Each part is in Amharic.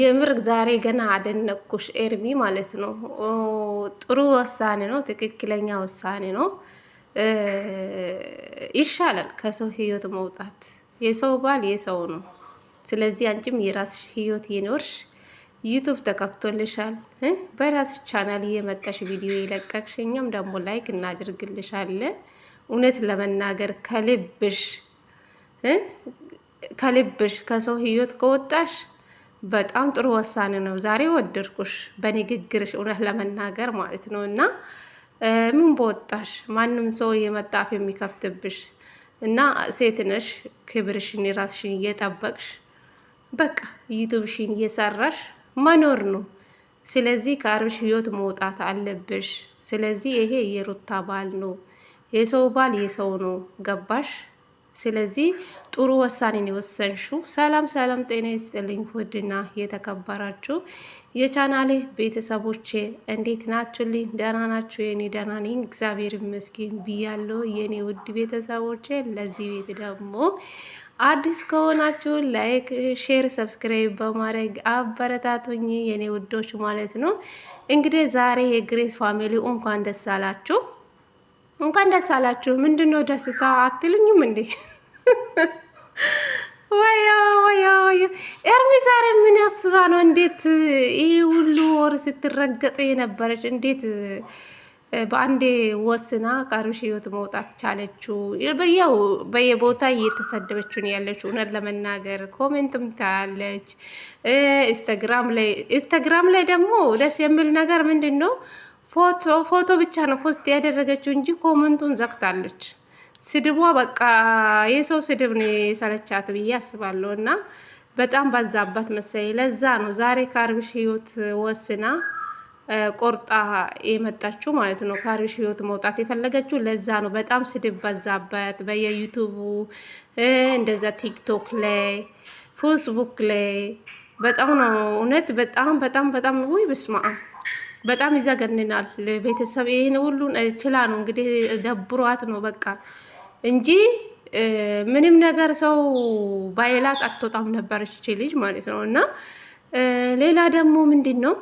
የምር ዛሬ ገና አደነኩሽ ኤርሚ ማለት ነው። ጥሩ ውሳኔ ነው፣ ትክክለኛ ውሳኔ ነው። ይሻላል ከሰው ህይወት መውጣት። የሰው ባል የሰው ነው። ስለዚህ አንቺም የራስሽ ህይወት ይኖርሽ። ዩቱብ ተከፍቶልሻል፣ በራስሽ ቻናል እየመጣሽ ቪዲዮ የለቀቅሽ፣ እኛም ደግሞ ላይክ እናድርግልሻለን። እውነት ለመናገር ከልብሽ ከልብሽ ከሰው ህይወት ከወጣሽ በጣም ጥሩ ወሳኔ ነው። ዛሬ ወደድኩሽ በንግግርሽ እውነት ለመናገር ማለት ነው እና ምን በወጣሽ ማንም ሰው የመጣፍ የሚከፍትብሽ እና ሴት ነሽ፣ ክብርሽን ራስሽን እየጠበቅሽ በቃ ዩቱብሽን እየሰራሽ መኖር ነው። ስለዚህ ከአብርሽ ህይወት መውጣት አለብሽ። ስለዚህ ይሄ የሩታ ባል ነው፣ የሰው ባል የሰው ነው። ገባሽ? ስለዚህ ጥሩ ወሳኔን የወሰንሹ። ሰላም ሰላም፣ ጤና ይስጥልኝ ውድና የተከበራችሁ የቻናሌ ቤተሰቦቼ እንዴት ናችሁልኝ? ደህና ናችሁ? የኔ ደህና ነኝ እግዚአብሔር ይመስገን ብያለሁ። የኔ ውድ ቤተሰቦቼ ለዚህ ቤት ደግሞ አዲስ ከሆናችሁ ላይክ፣ ሼር፣ ሰብስክራይብ በማድረግ አበረታቱኝ የኔ ውዶች ማለት ነው። እንግዲህ ዛሬ የግሬስ ፋሚሊ እንኳን ደስ አላችሁ እንኳን ደስ አላችሁ። ምንድን ነው ደስታ አትልኙም እንዴ? ወዮ ወዮ! ኤርሚ ዛሬ ምን ያስባ ነው? እንዴት ይህ ሁሉ ወር ስትረገጠ የነበረች እንዴት በአንዴ ወስና ከአብርሽ ህይወት መውጣት ቻለችው? በያው በየቦታ እየተሰደበችው ነው ያለችው። እውነት ለመናገር ኮሜንትም ታያለች። ኢንስታግራም ላይ ኢንስታግራም ላይ ደግሞ ደስ የሚል ነገር ምንድን ነው ፎቶ ፎቶ ብቻ ነው ፖስት ያደረገችው እንጂ ኮመንቱን ዘግታለች። ስድቧ በቃ የሰው ስድብ ነው የሰለቻት ብዬ አስባለሁ። እና በጣም ባዛባት መሰለኝ። ለዛ ነው ዛሬ ከአብርሽ ህይወት ወስና ቆርጣ የመጣችው ማለት ነው። ከአብርሽ ህይወት መውጣት የፈለገችው ለዛ ነው። በጣም ስድብ በዛበት በየዩቱቡ እንደዛ፣ ቲክቶክ ላይ፣ ፌስቡክ ላይ በጣም ነው እውነት። በጣም በጣም በጣም ውይ ብስማ በጣም ይዘገንናል። ቤተሰብ ይህን ሁሉ ችላ ነው እንግዲህ ደብሯት ነው በቃ እንጂ ምንም ነገር ሰው ባይላት አትወጣም ነበር እች ልጅ ማለት ነው። እና ሌላ ደግሞ ምንድን ነው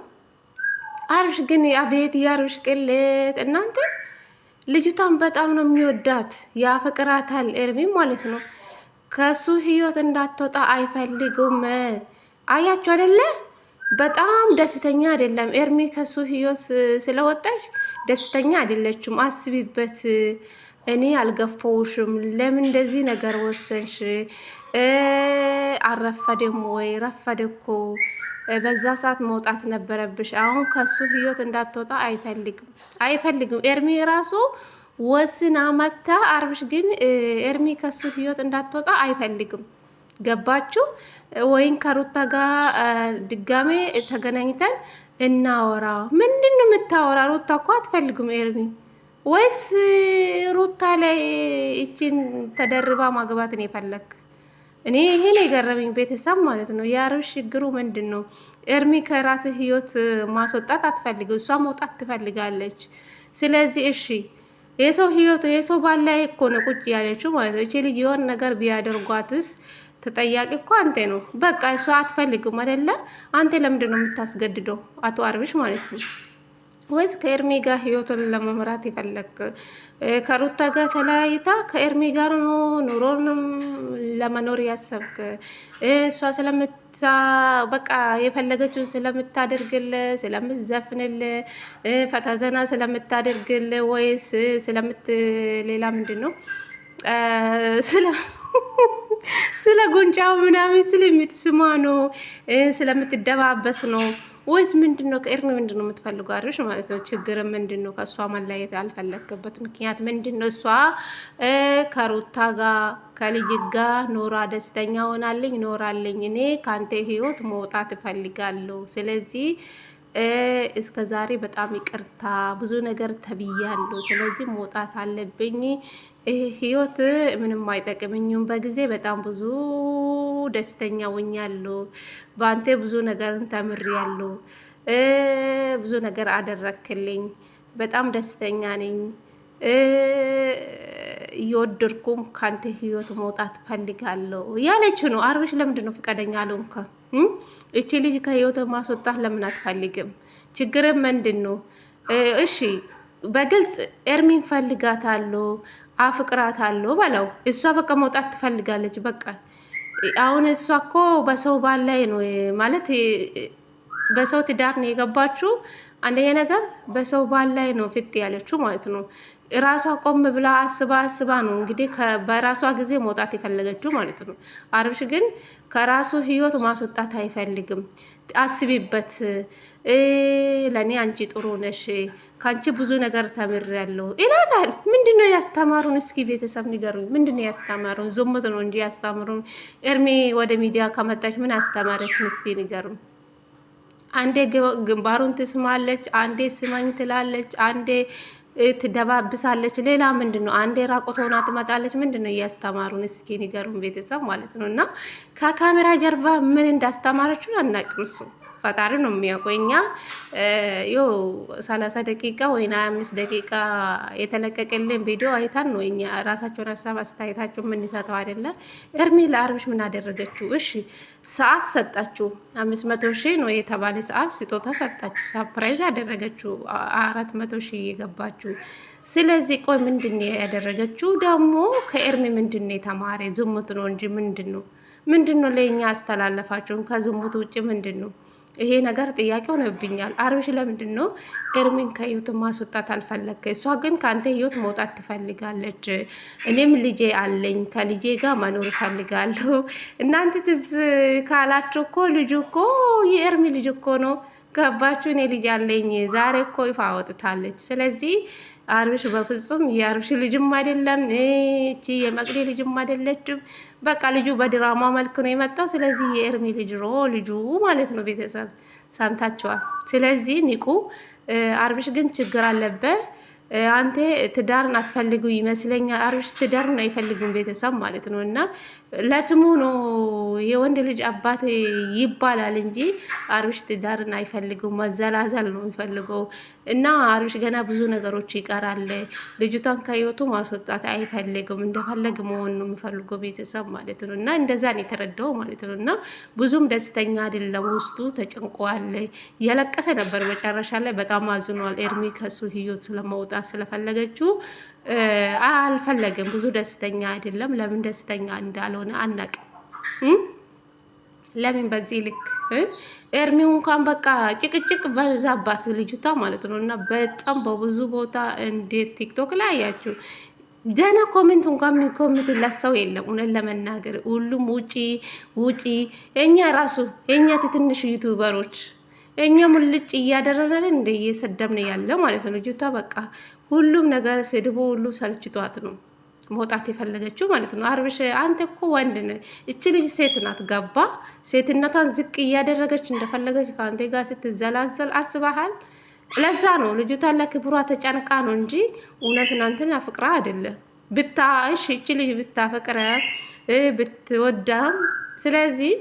አብርሽ ግን አቤት የአብርሽ ቅሌት እናንተ ልጅቷን በጣም ነው የሚወዳት ያፈቅራታል። ኤርሚ ማለት ነው ከሱ ህይወት እንዳትወጣ አይፈልግም። አያችሁ አይደለ? በጣም ደስተኛ አይደለም። ኤርሚ ከሱ ህይወት ስለወጣች ደስተኛ አይደለችም። አስቢበት። እኔ አልገፈውሽም። ለምን እንደዚህ ነገር ወሰንሽ? አረፈደም ወይ? ረፈደ እኮ በዛ ሰዓት መውጣት ነበረብሽ። አሁን ከሱ ህይወት እንዳትወጣ አይፈልግም አይፈልግም። ኤርሚ ራሱ ወስና መታ። አርብሽ ግን ኤርሚ ከሱ ህይወት እንዳትወጣ አይፈልግም። ገባችሁ ወይን ከሩታ ጋር ድጋሜ ተገናኝተን እናወራ። ምንድን ነው የምታወራ? ሩታ እኮ አትፈልጉም ኤርሚ። ወይስ ሩታ ላይ እችን ተደርባ ማግባት ነው የፈለግ? እኔ ይሄን የገረመኝ ቤተሰብ ማለት ነው። የአብርሽ ችግሩ ምንድን ነው? ኤርሚ ከራስ ህይወት ማስወጣት አትፈልግ፣ እሷ መውጣት ትፈልጋለች። ስለዚህ እሺ የሰው ህይወት የሰው ባል ላይ እኮ ነው ቁጭ ያለችው ማለት ነው። እቺ ልጅ የሆን ነገር ቢያደርጓትስ ተጠያቂ እኮ አንተ ነው። በቃ እሷ አትፈልግም አይደለ? አንተ ለምንድን ነው የምታስገድደው? አቶ አርብሽ ማለት ነው ወይስ ከኤርሚ ጋር ህይወቱን ለመምራት ይፈለግ? ከሩታ ጋር ተለያይታ ከኤርሚ ጋር ነው ኑሮንም ለመኖር ያሰብክ? እሷ ስለምታ በቃ የፈለገችውን ስለምታደርግል ስለምትዘፍንል ፈታዘና ስለምታደርግል ወይስ ስለምት ሌላ ምንድን ነው ስለ ጉንጫው ምናምን ስለምትስማ ነው ስለምትደባበስ ነው ወይስ ምንድን ነው? ከኤርሚ ምንድን ነው የምትፈልገው? አብርሽ ማለት ነው። ችግር ምንድን ነው? ከእሷ መለየት ያልፈለግበት ምክንያት ምንድን ነው? እሷ ከሩታ ጋር ከልጅ ጋር ኖራ ደስተኛ ሆናለኝ ኖራለኝ። እኔ ከአንተ ህይወት መውጣት እፈልጋለሁ። ስለዚህ እስከ ዛሬ በጣም ይቅርታ ብዙ ነገር ተብያለሁ፣ ስለዚህ መውጣት አለብኝ። ህይወት ምንም አይጠቅምኝም። በጊዜ በጣም ብዙ ደስተኛ ሆኛለሁ። በአንተ ብዙ ነገርን ተምሬያለሁ። ብዙ ነገር አደረክልኝ። በጣም ደስተኛ ነኝ። እየወደድኩም ከአንተ ህይወት መውጣት ፈልጋለሁ ያለችው ነው። አብርሽ ለምንድን ነው ፈቃደኛ አልሆንክም? እቺ ልጅ ከህይወት ማስወጣት ለምን አትፈልግም? ችግር ምንድን ነው? እሺ በግልጽ ኤርሚን ፈልጋት አፍቅራት አፍቅራታለሁ በለው። እሷ በቃ መውጣት ትፈልጋለች። በቃ አሁን እሷ እኮ በሰው ባል ላይ ነው ማለት በሰው ትዳር ነው የገባችው። አንደኛ ነገር በሰው ባል ላይ ነው ፍት ያለችው ማለት ነው። ራሷ ቆም ብላ አስባ አስባ ነው እንግዲህ በራሷ ጊዜ መውጣት የፈለገችው ማለት ነው። አብርሽ ግን ከራሱ ህይወት ማስወጣት አይፈልግም። አስቢበት፣ ለእኔ አንቺ ጥሩ ነሽ፣ ከአንቺ ብዙ ነገር ተምሬያለሁ ይላታል። ምንድነው ያስተማሩን? እስኪ ቤተሰብ ንገሩኝ። ምንድነው ያስተማሩን? ዝሙት ነው እንጂ ያስተማሩን። እርሜ ወደ ሚዲያ ከመጣች ምን አስተማረችን? እስኪ ንገሩኝ። አንዴ ግንባሩን ትስማለች፣ አንዴ ስማኝ ትላለች፣ አንዴ ትደባብሳለች። ሌላ ምንድን ነው? አንዴ ራቆት ሆና ትመጣለች። ምንድን ነው እያስተማሩን? እስኪ ንገሩን ቤተሰብ ማለት ነው። እና ከካሜራ ጀርባ ምን እንዳስተማረችን አናቅም እሱ ፈጣሪ ነው የሚያውቁ። እኛ ይኸው ሰላሳ ደቂቃ ወይ አምስት ደቂቃ የተለቀቀልን ቪዲዮ አይታን ነው እኛ ራሳቸውን ሀሳብ አስተያየታቸው የምንሰጠው አይደለ። እርሜ ለአብርሽ ምን አደረገችው? እሺ ሰዓት ሰጣችሁ፣ አምስት መቶ ሺህ ነው የተባለ ሰዓት ስጦታ ሰጣችሁ፣ ሳፕራይዝ አደረገችው፣ አራት መቶ ሺህ እየገባችሁ ስለዚህ ቆይ ምንድን ያደረገችው? ደግሞ ከእርሜ ምንድን ነው የተማረ? ዝሙት ነው እንጂ ምንድን ነው ምንድን ነው ለእኛ አስተላለፋቸውን ከዝሙት ውጭ ምንድን ነው? ይሄ ነገር ጥያቄ ሆነብኛል። አብርሽ ለምንድን ነው ኤርሚን ከህይወት ማስወጣት አልፈለገ? እሷ ግን ከአንተ ህይወት መውጣት ትፈልጋለች። እኔም ልጄ አለኝ፣ ከልጄ ጋር መኖር እፈልጋለሁ። እናንተ ትዝ ካላችሁ እኮ ልጁ እኮ የኤርሚ ልጅ እኮ ነው ገባችሁ? እኔ ልጅ አለኝ። ዛሬ እኮ ይፋ ወጥታለች። ስለዚህ አብርሽ በፍጹም የአብርሽ ልጅም አይደለም፣ እቺ የመቅዲ ልጅም አይደለችም። በቃ ልጁ በድራማ መልክ ነው የመጣው። ስለዚህ የእርሚ ልጅ ሮ ልጁ ማለት ነው። ቤተሰብ ሰምታችኋል። ስለዚህ ንቁ። አብርሽ ግን ችግር አለበት። አንተ ትዳርን አትፈልጉ ይመስለኛል። አብርሽ ትዳርን አይፈልግም ቤተሰብ ማለት ነው። እና ለስሙ ነው የወንድ ልጅ አባት ይባላል እንጂ አብርሽ ትዳርን አይፈልግም፣ መዘላዘል ነው የሚፈልገው። እና አብርሽ ገና ብዙ ነገሮች ይቀራል። ልጅቷን ከህይወቱ ማስወጣት አይፈልግም፣ እንደፈለግ መሆን ነው የሚፈልገው ቤተሰብ ማለት ነው። እና እንደዛን የተረዳው ማለት ነው። እና ብዙም ደስተኛ አይደለም፣ ውስጡ ተጨንቋል። እያለቀሰ ነበር። መጨረሻ ላይ በጣም አዝኗል። ኤርሚ ከሱ ህይወት ስለመውጣት ስለፈለገችው አልፈለግም ብዙ ደስተኛ አይደለም። ለምን ደስተኛ እንዳልሆነ አናቅም። ለምን በዚህ ልክ ኤርሚው እንኳን በቃ ጭቅጭቅ በዛባት ልጅቷ ማለት ነው። እና በጣም በብዙ ቦታ እንዴት ቲክቶክ ላይ አያችሁ ገና ኮሜንት እንኳን የሚኮሜንትላት ሰው የለም። እውነት ለመናገር ሁሉም ውጪ ውጪ። እኛ ራሱ የእኛ ትንሽ ዩቱበሮች እኛም ልጭ እያደረናል እንደ እየሰደብን ያለው ማለት ነው። ልጅቷ በቃ ሁሉም ነገር ስድቡ ሁሉ ሰልችቷት ነው መውጣት የፈለገችው ማለት ነው። አብርሽ አንተ እኮ ወንድ ነህ፣ እቺ ልጅ ሴት ናት። ገባ ሴትነቷን ዝቅ እያደረገች እንደፈለገች ከአንተ ጋር ስትዘላዘል አስበሃል። ለዛ ነው ልጅቷን ለክብሯ ተጨንቃ ነው እንጂ እውነት እናንተን አፍቅራ አይደለም። ብታሽ እቺ ልጅ ብታፈቅረ ብትወዳም ስለዚህ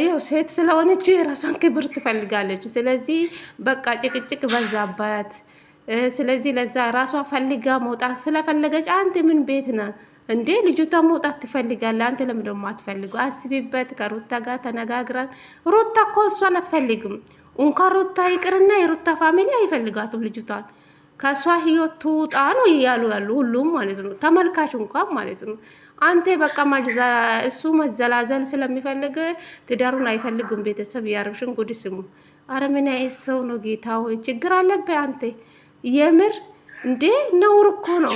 ይኸው ሴት ስለሆነች የራሷን ክብር ትፈልጋለች። ስለዚህ በቃ ጭቅጭቅ በዛባት። ስለዚህ ለዛ ራሷ ፈልጋ መውጣት ስለፈለገች አንተ ምን ቤት ነ እንዴ? ልጅቷ መውጣት ትፈልጋለ፣ አንተ ለምን ደግሞ አትፈልጉ? አስቢበት። ከሩታ ጋር ተነጋግረን ሩታ እኮ እሷን አትፈልግም። እንኳ ሩታ ይቅርና የሩታ ፋሚሊ አይፈልጋትም ልጅቷን ከእሷ ህይወት ትውጣ ነው እያሉ ያሉ ሁሉም ማለት ነው። ተመልካች እንኳን ማለት ነው አንተ በቃ እሱ መዘላዘል ስለሚፈልግ ትዳሩን አይፈልግም። ቤተሰብ የአብርሽን ጉድ ስሙ። አረምን ሰው ነው። ጌታ ሆይ ችግር አለብህ አንተ የምር እንዴ! ነውር እኮ ነው፣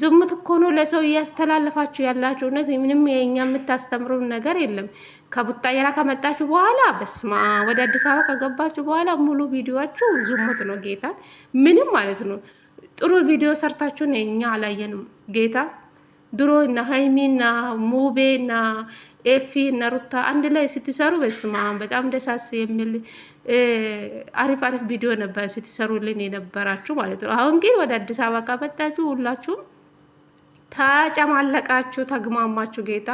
ዝሙት እኮ ነው። ለሰው እያስተላለፋችሁ ያላችሁ እውነት ምንም የኛ የምታስተምሩ ነገር የለም። ከቡታየራ ከመጣችሁ በኋላ በስማ ወደ አዲስ አበባ ከገባችሁ በኋላ ሙሉ ቪዲዮችሁ ዝሙት ነው። ጌታ ምንም ማለት ነው። ጥሩ ቪዲዮ ሰርታችሁን እኛ አላየንም ጌታ ድሮ እነ ሀይሚ እና ሙቤ እና ኤፊ እና ሩታ አንድ ላይ ስትሰሩ በስማ በጣም ደሳስ የሚል አሪፍ አሪፍ ቪዲዮ ነበር ስትሰሩልን የነበራችሁ ማለት ነው። አሁን ግን ወደ አዲስ አበባ ካመጣችሁ ሁላችሁም ተጨማለቃችሁ፣ ተግማማችሁ። ጌታ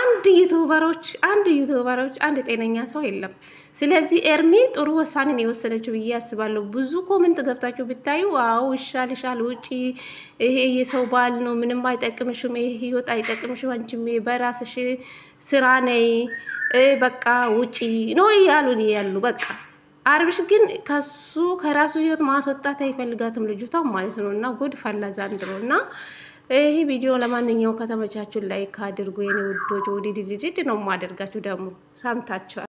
አንድ ዩቱበሮች አንድ ዩቱበሮች አንድ ጤነኛ ሰው የለም። ስለዚህ ኤርሚ ጥሩ ወሳኔን የወሰነችው ብዬ አስባለሁ። ብዙ ኮመንት ገብታችሁ ብታዩ አዎ ይሻል ይሻል፣ ውጪ፣ ይሄ የሰው ባል ነው፣ ምንም አይጠቅምሽም፣ ይሄ ህይወት አይጠቅምሽም፣ አንቺም በራስሽ ስራ ነይ፣ በቃ ውጪ ነው እያሉን ያሉ በቃ አርብሽ ግን ከሱ ከራሱ ህይወት ማስወጣት አይፈልጋትም ልጅቷ ማለት ነው። እና ጉድ ፈላ ዘንድሮ እና ይህ ቪዲዮ ለማንኛውም ከተመቻችሁ ላይክ አድርጉ የኔ ውዶች። ውድድድድድ ነው ማደርጋችሁ ደግሞ ሰምታችኋል።